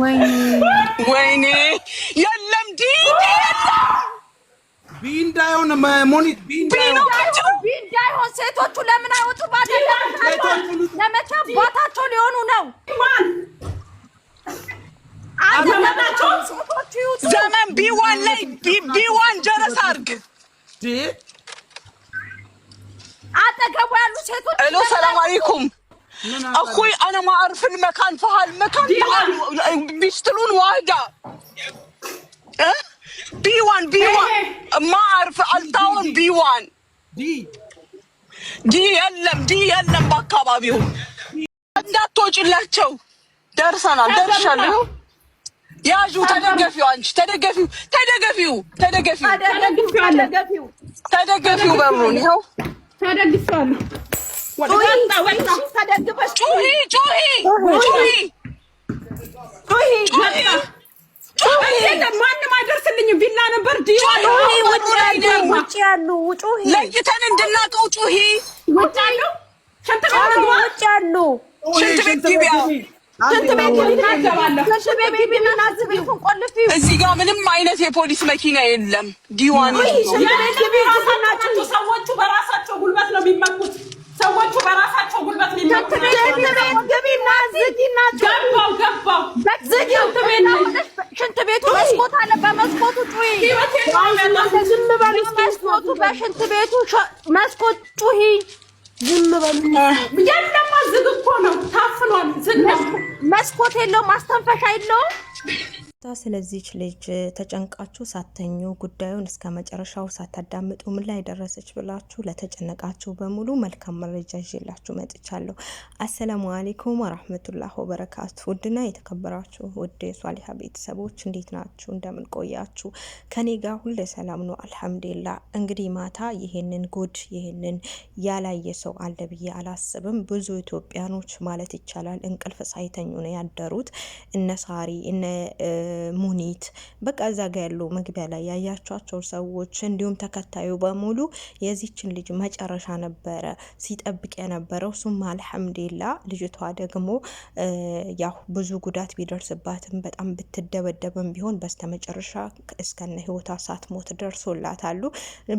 ወይኔ የለም ዲ ቢ እንዳይሆን ሞኒት ቢ እንዳይሆን ሴቶቹ ለምን አይወጡ? ለመቼ አባታቸው ሊሆኑ ነው? ዘመን ቢዋን ላይ ቢዋን ጀረስ አድርግ አጠገቡ ያሉ ሴቶች ሰላም አለይኩም እኮይ አነ ማዕርፍን መካን ፈሃል መካን ፈሃል ቢስትሉን ዋህዳ ቢዋን ቢዋን ማዕርፍ አልታውን ቢዋን ዲ የለም ዲ የለም በአካባቢው እንዳትወጪላቸው። ደርሰናል ደርሻለሁ። ያዡ ተደገፊው፣ አንቺ ተደገፊው፣ ተደገፊው፣ ተደገፊው፣ ተደገፊው በሩን ይኸው ተደግሷል። ማንም አይደርስልኝም። ቢላ ነበር ውጭ ያሉ ለይተን እንድናውቀው ጩሂ ውጭ ያሉ እዚህ ጋር ምንም አይነት የፖሊስ መኪና የለም። ዲዋን ሰዎቹ በራሳቸው ጉልበት ነው የሚመኩት። ሰዎቹ በራሳቸው ጉልበት ነው ሽንት ቤቱ መስኮት አለ። በመስኮቱ ጩሂ፣ በሽንት ቤቱ መስኮት ጩሂ። ዝም በሉ። ዝግ እኮ ነው ታፍኗል። መስኮት የለውም፣ ማስተንፈሻ የለውም። ስለዚች ልጅ ተጨንቃችሁ ሳተኙ ጉዳዩን እስከ መጨረሻው ሳታዳምጡ ምን ላይ ደረሰች ብላችሁ ለተጨነቃችሁ በሙሉ መልካም መረጃ ይዤላችሁ መጥቻለሁ። አሰላሙ አሌይኩም ወራህመቱላህ ወበረካቱ። ውድና የተከበራችሁ ውድ የሷሊሀ ቤተሰቦች እንዴት ናችሁ? እንደምን ቆያችሁ? ከኔ ጋር ሁለ ሰላም ነው አልሐምዱሊላህ። እንግዲህ ማታ ይሄንን ጉድ ይሄንን ያላየ ሰው አለ ብዬ አላስብም። ብዙ ኢትዮጵያኖች ማለት ይቻላል እንቅልፍ ሳይተኙ ነው ያደሩት እነ ሳሪ እነ ሙኒት፣ በቃ እዛ ጋ ያለው መግቢያ ላይ ያያቸዋቸው ሰዎች እንዲሁም ተከታዩ በሙሉ የዚችን ልጅ መጨረሻ ነበረ ሲጠብቅ የነበረው። እሱም አልሐምዴላ ልጅቷ ደግሞ ያው ብዙ ጉዳት ቢደርስባትም በጣም ብትደበደብም ቢሆን በስተመጨረሻ እስከነ ህይወቷ ሳትሞት ደርሶላታሉ።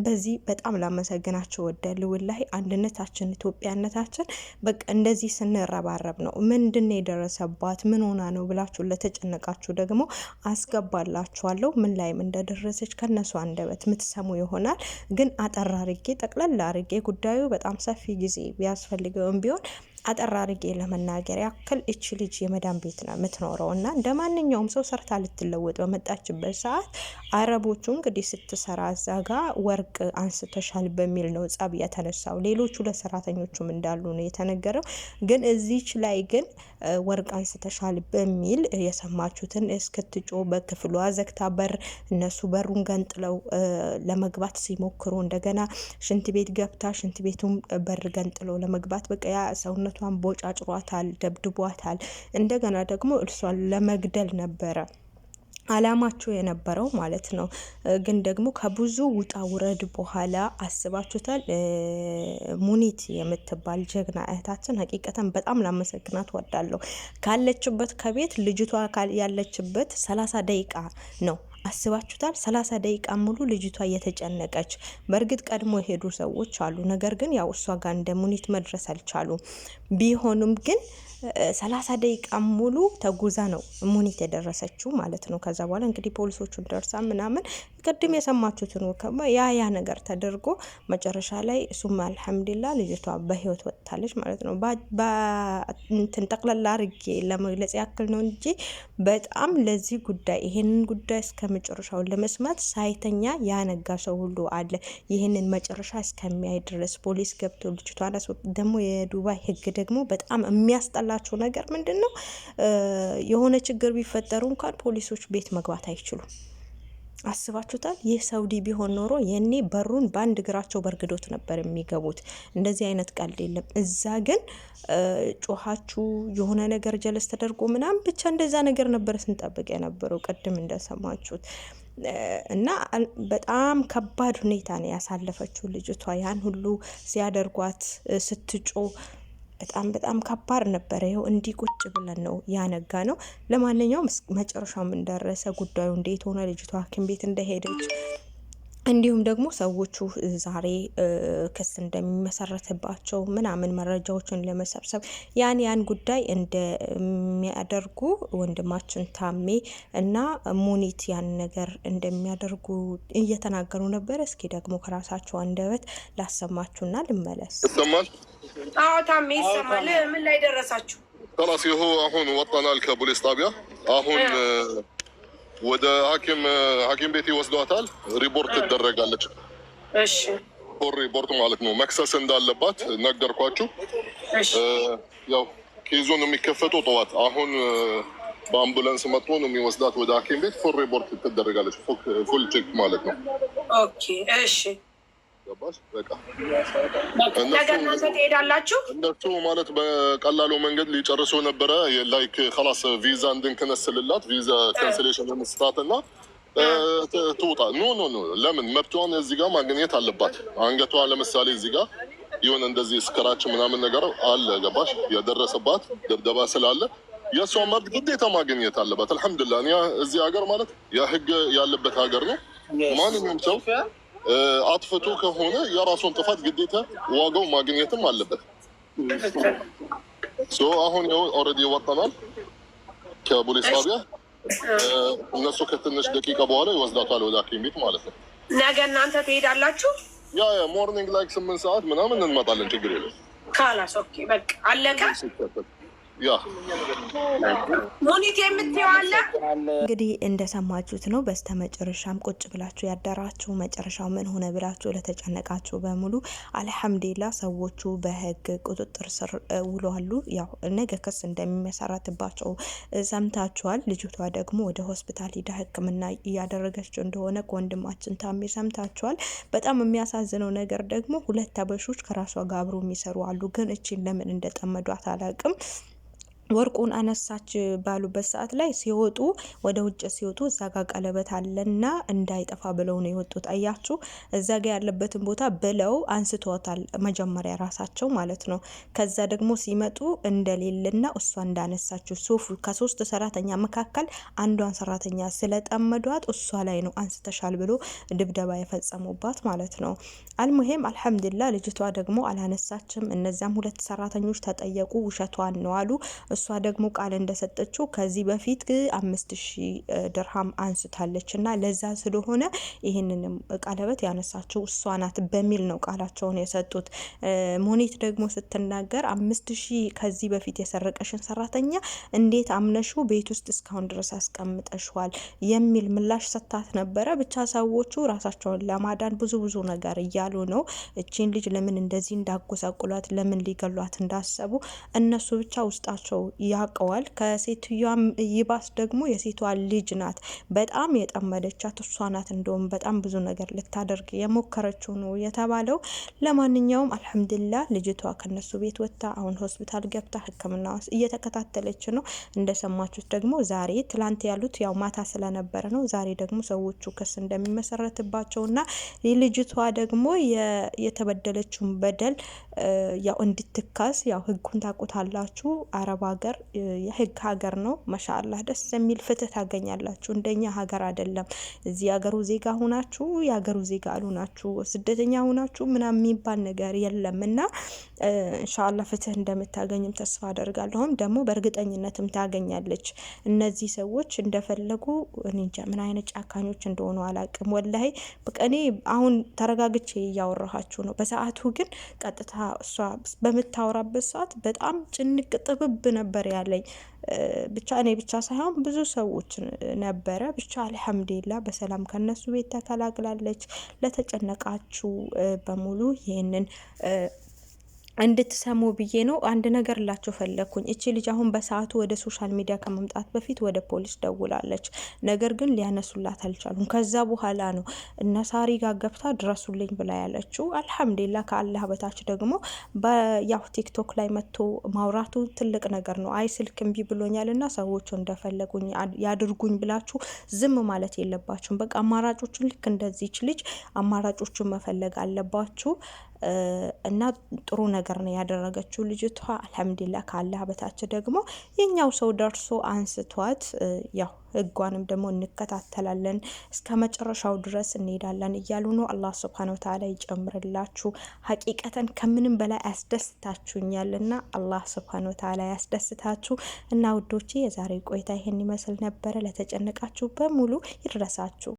በዚህ በጣም ላመሰግናቸው ወዳለሁ። ወላሂ አንድነታችን ኢትዮጵያነታችን በቃ እንደዚህ ስንረባረብ ነው። ምንድን የደረሰባት ምን ሆና ነው ብላችሁ ለተጨነቃችሁ ደግሞ አስገባላችኋለሁ። ምን ላይም እንደደረሰች ከነሱ አንደበት የምትሰሙ ይሆናል። ግን አጠር አርጌ ጠቅለል አርጌ ጉዳዩ በጣም ሰፊ ጊዜ ቢያስፈልገውም ቢሆን አጠር አድርጌ ለመናገር ያክል እች ልጅ የመዳን ቤት ነው የምትኖረው እና እንደ ማንኛውም ሰው ሰርታ ልትለወጥ በመጣችበት ሰዓት አረቦቹ እንግዲህ ስትሰራ እዛ ጋ ወርቅ አንስተሻል በሚል ነው ጸብ የተነሳው። ሌሎቹ ለሰራተኞቹም እንዳሉ ነው የተነገረው። ግን እዚች ላይ ግን ወርቅ አንስተሻል በሚል የሰማችሁትን እስክትጮ በክፍሏ ዘግታ በር እነሱ በሩን ገንጥለው ለመግባት ሲሞክሩ እንደገና ሽንት ቤት ገብታ ሽንት ቤቱም በር ገንጥለው ለመግባት በቃ ያ ሰውነ ሰውነቷን ቦጫጭሯታል፣ ደብድቧታል። እንደገና ደግሞ እርሷን ለመግደል ነበረ አላማቸው የነበረው ማለት ነው። ግን ደግሞ ከብዙ ውጣ ውረድ በኋላ አስባችሁታል። ሙኒት የምትባል ጀግና እህታችን ሀቂቀተን በጣም ላመሰግናት ወዳለሁ። ካለችበት ከቤት ልጅቷ ያለችበት ሰላሳ ደቂቃ ነው አስባችሁታል? ሰላሳ ደቂቃ ሙሉ ልጅቷ እየተጨነቀች። በእርግጥ ቀድሞ የሄዱ ሰዎች አሉ፣ ነገር ግን ያው እሷ ጋር እንደ ሙኒት መድረስ አልቻሉም። ቢሆንም ግን ሰላሳ ደቂቃ ሙሉ ተጉዛ ነው ሙኒት የደረሰችው ማለት ነው። ከዛ በኋላ እንግዲህ ፖሊሶቹን ደርሳ ምናምን ቅድም የሰማችሁትን ያ ያ ነገር ተደርጎ መጨረሻ ላይ እሱም አልሐምዱሊላ ልጅቷ በህይወት ወጥታለች ማለት ነው። እንትን ጠቅላላ አርጌ ለመግለጽ ያክል ነው እንጂ በጣም ለዚህ ጉዳይ ይሄንን ጉዳይ እስከ መጨረሻውን ለመስማት ሳይተኛ ያነጋ ሰው ሁሉ አለ። ይህንን መጨረሻ እስከሚያይ ድረስ ፖሊስ ገብቶ ልጅቷን ደግሞ የዱባይ ህግ ደግሞ በጣም የሚያስጠላቸው ነገር ምንድን ነው? የሆነ ችግር ቢፈጠሩ እንኳን ፖሊሶች ቤት መግባት አይችሉም። አስባችሁታል? ይህ ሰውዲ ቢሆን ኖሮ የኔ በሩን በአንድ እግራቸው በርግዶት ነበር የሚገቡት። እንደዚህ አይነት ቀልድ የለም። እዛ ግን ጮኋችሁ የሆነ ነገር ጀለስ ተደርጎ ምናምን ብቻ እንደዛ ነገር ነበር ስንጠብቅ የነበረው ቅድም እንደሰማችሁት እና በጣም ከባድ ሁኔታ ነው ያሳለፈችው ልጅቷ። ያን ሁሉ ሲያደርጓት ስትጮ በጣም በጣም ከባድ ነበረ። ይኸው እንዲህ ቁጭ ብለን ነው ያነጋ ነው። ለማንኛውም መጨረሻው ምን ደረሰ ጉዳዩ እንዴት ሆነ፣ ልጅቷ ሐኪም ቤት እንደሄደች እንዲሁም ደግሞ ሰዎቹ ዛሬ ክስ እንደሚመሰረትባቸው ምናምን መረጃዎችን ለመሰብሰብ ያን ያን ጉዳይ እንደሚያደርጉ ወንድማችን ታሜ እና ሙኒት ያን ነገር እንደሚያደርጉ እየተናገሩ ነበር። እስኪ ደግሞ ከራሳቸው አንደበት ላሰማችሁና ልመለስ። አዎ ታሜ ይሰማል። ምን ላይ ደረሳችሁ? ላስ ይኸው አሁን ወጣናል ከፖሊስ ጣቢያ አሁን ወደ ሐኪም ሐኪም ቤት ይወስዷታል። ሪፖርት ትደረጋለች። እሺ ሪፖርት ማለት ነው። መክሰስ እንዳለባት ነገርኳችሁ። ያው ኬዙን የሚከፈተው ጠዋት አሁን በአምቡላንስ መጥቶ ነው የሚወስዳት ወደ ሐኪም ቤት። ፉል ሪፖርት ትደረጋለች። ፉል ቼክ ማለት ነው። ኦኬ እሺ ገባሽ? በቃ ነገ እናንተ ትሄዳላችሁ። እነሱ ማለት በቀላሉ መንገድ ሊጨርሱ ነበረ። ላይክ ከላስ ቪዛ እንድንክነስልላት ቪዛ ካንስሌሽን እንስጣት እና ትውጣ። ኖ ኖ ኖ፣ ለምን መብቷን እዚህ ጋር ማግኘት አለባት። አንገቷ ለምሳሌ እዚህ ጋር ይሁን እንደዚህ ስክራች ምናምን ነገር አለ ገባሽ? የደረሰባት ድብደባ ስላለ የእሷ መብት ግዴታ ማግኘት አለባት። አልሐምዱሊላህ እዚህ ሀገር ማለት የህግ ያለበት ሀገር ነው። ማንኛውም ሰው አጥፍቶ ከሆነ የራሱን ጥፋት ግዴታ ዋጋው ማግኘትም አለበት። አሁን ያው ኦልሬዲ ይወጠናል ከፖሊስ ጣቢያ እነሱ ከትንሽ ደቂቃ በኋላ ይወስዳታል ወደ ሐኪም ቤት ማለት ነው። ነገ እናንተ ትሄዳላችሁ? ያ ሞርኒንግ ላይክ ስምንት ሰዓት ምናምን እንመጣለን። ችግር የለም። ካላስ ኦኬ፣ በቃ አለቀ። እንግዲህ እንደሰማችሁት ነው። በስተ መጨረሻም ቁጭ ብላችሁ ያደራችሁ መጨረሻው ምን ሆነ ብላችሁ ለተጨነቃችሁ በሙሉ አልሐምዱሊላህ ሰዎቹ በህግ ቁጥጥር ስር ውለሉ ያው ነገ ክስ እንደሚመሰረትባቸው ሰምታችኋል። ልጅቷ ደግሞ ወደ ሆስፒታል ሂዳ ህክምና እያደረገችው እንደሆነ ከወንድማችን ታሜ ሰምታችኋል። በጣም የሚያሳዝነው ነገር ደግሞ ሁለት ተበሾች ከራሷ ጋር አብሮ የሚሰሩ አሉ። ግን እቺን ለምን እንደጠመዷት አላውቅም። ወርቁን አነሳች ባሉበት ሰዓት ላይ ሲወጡ ወደ ውጭ ሲወጡ እዛ ጋር ቀለበት አለና እንዳይጠፋ ብለው ነው የወጡት። አያችሁ እዛ ጋ ያለበትን ቦታ ብለው አንስቷታል፣ መጀመሪያ ራሳቸው ማለት ነው። ከዛ ደግሞ ሲመጡ እንደሌለና እሷ እንዳነሳችው ሱፍ ከሶስት ሰራተኛ መካከል አንዷን ሰራተኛ ስለጠመዷት እሷ ላይ ነው አንስተሻል ብሎ ድብደባ የፈጸሙባት ማለት ነው። አልሙሄም አልሐምድላ ልጅቷ ደግሞ አላነሳችም። እነዚያም ሁለት ሰራተኞች ተጠየቁ፣ ውሸቷን ነው አሉ። እሷ ደግሞ ቃል እንደሰጠችው ከዚህ በፊት አምስት ሺ ድርሃም አንስታለች እና ለዛ ስለሆነ ይህንንም ቀለበት ያነሳችው እሷ ናት በሚል ነው ቃላቸውን የሰጡት። ሞኔት ደግሞ ስትናገር አምስት ሺ ከዚህ በፊት የሰረቀሽን ሰራተኛ እንዴት አምነሹ ቤት ውስጥ እስካሁን ድረስ አስቀምጠሽዋል የሚል ምላሽ ሰታት ነበረ። ብቻ ሰዎቹ ራሳቸውን ለማዳን ብዙ ብዙ ነገር እያሉ ነው። እቺን ልጅ ለምን እንደዚህ እንዳጎሳቁሏት፣ ለምን ሊገሏት እንዳሰቡ እነሱ ብቻ ውስጣቸው ያውቀዋል። ከሴትዮዋም ይባስ ደግሞ የሴቷ ልጅ ናት። በጣም የጠመደቻት እሷ ናት። እንደውም በጣም ብዙ ነገር ልታደርግ የሞከረችው ነው የተባለው። ለማንኛውም አልሐምዱላ ልጅቷ ከነሱ ቤት ወጥታ አሁን ሆስፒታል ገብታ ሕክምና እየተከታተለች ነው። እንደሰማችሁት ደግሞ ዛሬ ትላንት ያሉት ያው ማታ ስለነበረ ነው። ዛሬ ደግሞ ሰዎቹ ክስ እንደሚመሰረትባቸውና ልጅቷ ደግሞ የተበደለችውን በደል ያው እንድትካስ ያው ህጉን ታውቁታላችሁ አረባ ሀገር የህግ ሀገር ነው። መሻአላህ ደስ የሚል ፍትህ ታገኛላችሁ። እንደኛ ሀገር አይደለም። እዚህ ሀገሩ ዜጋ ሁናችሁ የሀገሩ ዜጋ አልሆናችሁ ስደተኛ ሁናችሁ ምናምን የሚባል ነገር የለም እና ፍትህ እንደምታገኝም ተስፋ አደርጋለሁም ደግሞ በእርግጠኝነትም ታገኛለች። እነዚህ ሰዎች እንደፈለጉ እንጃ ምን አይነት ጫካኞች እንደሆኑ አላቅም። ወላይ በቀኔ አሁን ተረጋግቼ እያወራኋችሁ ነው። በሰዓቱ ግን ቀጥታ እሷ በምታወራበት ሰዓት በጣም ጭንቅ ጥብብ ነበር። ነበር ያለኝ። ብቻ እኔ ብቻ ሳይሆን ብዙ ሰዎች ነበረ። ብቻ አልሐምዱሊላ በሰላም ከነሱ ቤት ተከላግላለች። ለተጨነቃችሁ በሙሉ ይህንን እንድትሰሙ ብዬ ነው። አንድ ነገር ላችሁ ፈለግኩኝ። እቺ ልጅ አሁን በሰዓቱ ወደ ሶሻል ሚዲያ ከመምጣት በፊት ወደ ፖሊስ ደውላለች። ነገር ግን ሊያነሱላት አልቻሉም። ከዛ በኋላ ነው እነ ሳሪ ጋር ገብታ ድረሱልኝ ብላ ያለችው። አልሐምዱሊላ ከአላህ በታች ደግሞ ያው ቲክቶክ ላይ መጥቶ ማውራቱ ትልቅ ነገር ነው። አይ ስልክ እምቢ ብሎኛል እና ሰዎቹ እንደፈለጉኝ ያድርጉኝ ብላችሁ ዝም ማለት የለባችሁም። በቃ አማራጮቹን ልክ እንደዚች ልጅ አማራጮቹን መፈለግ አለባችሁ። እና ጥሩ ነገር ነው ያደረገችው ልጅቷ። አልሐምዱላ ካላህ በታች ደግሞ የኛው ሰው ደርሶ አንስቷት ያው ህጓንም ደግሞ እንከታተላለን እስከ መጨረሻው ድረስ እንሄዳለን እያሉ ነው። አላህ ስብሓን ወተዓላ ይጨምርላችሁ። ሀቂቀተን ከምንም በላይ ያስደስታችሁኛል እና አላህ ስብሓን ወተዓላ ያስደስታችሁ እና ውዶቼ፣ የዛሬ ቆይታ ይህን ይመስል ነበረ። ለተጨነቃችሁ በሙሉ ይድረሳችሁ።